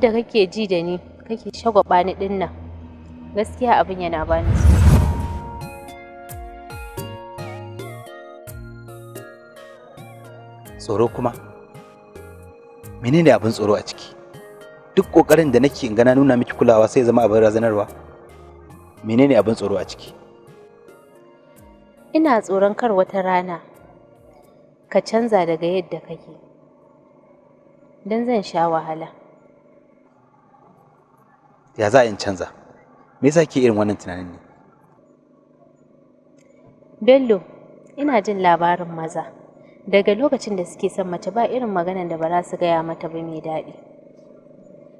yadda kake ji da ni kake shagwaba ni din nan gaskiya abin yana bani tsoro kuma menene abin tsoro a ciki duk kokarin da nake in gana nuna miki kulawa sai zama abin razanarwa menene abin tsoro a ciki ina tsoron kar wata rana ka canza daga yadda kake don zan sha wahala ya za in canza me yasa ke irin wannan tunanin ne bello ina jin labarin maza daga lokacin da suke son mace ba irin maganan da ba za su gaya mata ba mai daɗi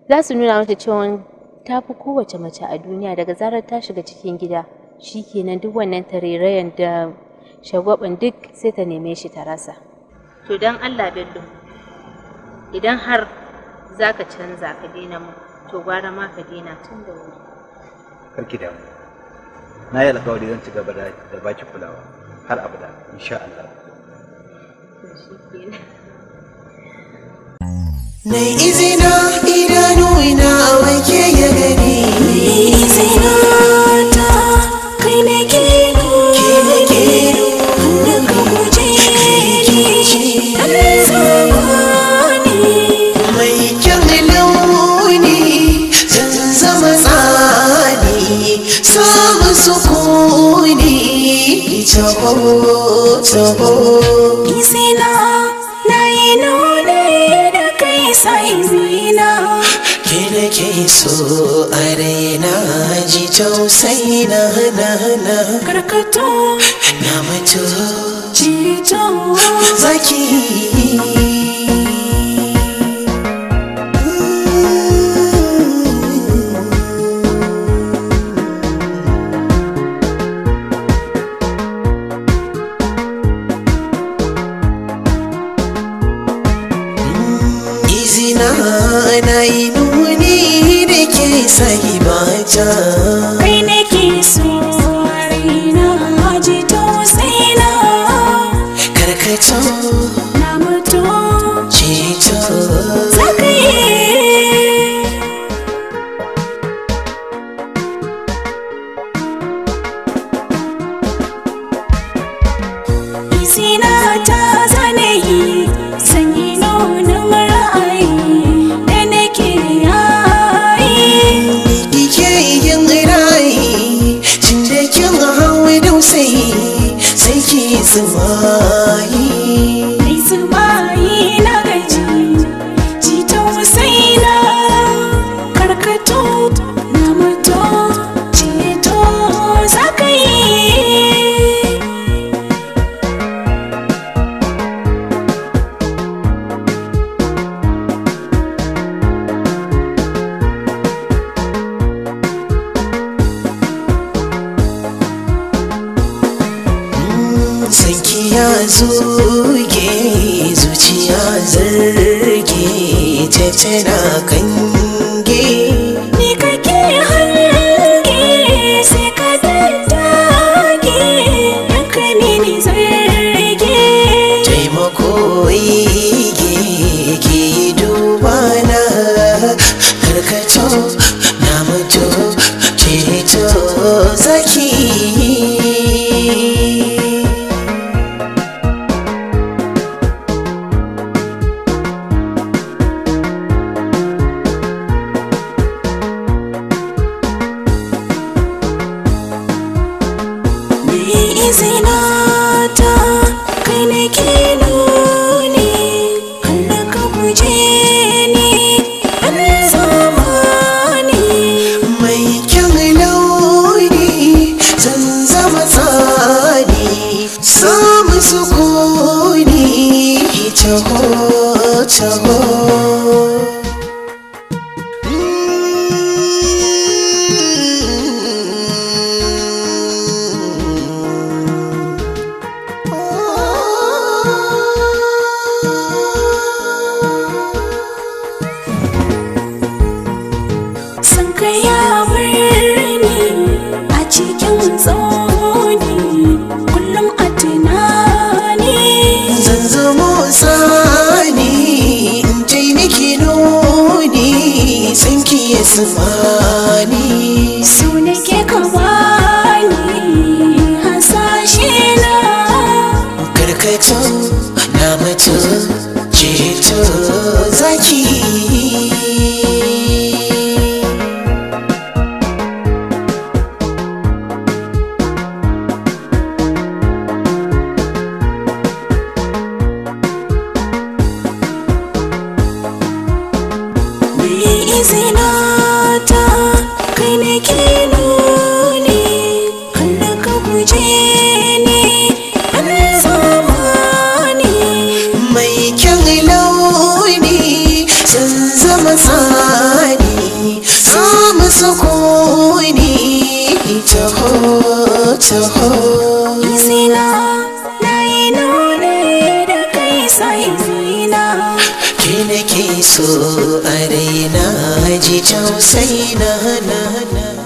za su nuna mata cewa ta fi kowace mace a duniya daga zarar ta shiga cikin gida shi kenan duk wannan tarirayen da shagwabin duk sai ta neme shi ta rasa to don allah bello idan har za ka canza ka daina mu to gwara ma ka daina tun da wuri karki damu na yi alkawari zan ci gaba da baki kulawa har abada insha Allah Na izina idanu ina wake ya gani izina ta kai ne ke ke ke hannun ka guje ki sukuni tabo tabo izina. na yi nuna da kai sai zina ke ke so a na. ji tausayi na na na karkato na mato cito zaki na yi nuni da ke sahi baja kai ne ke so raina ji tausayina karkacin isma'i isma'i zuke zuciya zarge ce tana çaho çaho nake su bani su ka bani hasashe na karkato na mutu jirito zaki sukuni taho taho izina na yi da kai saina. zina ke nake so a raina ji tausayi na na na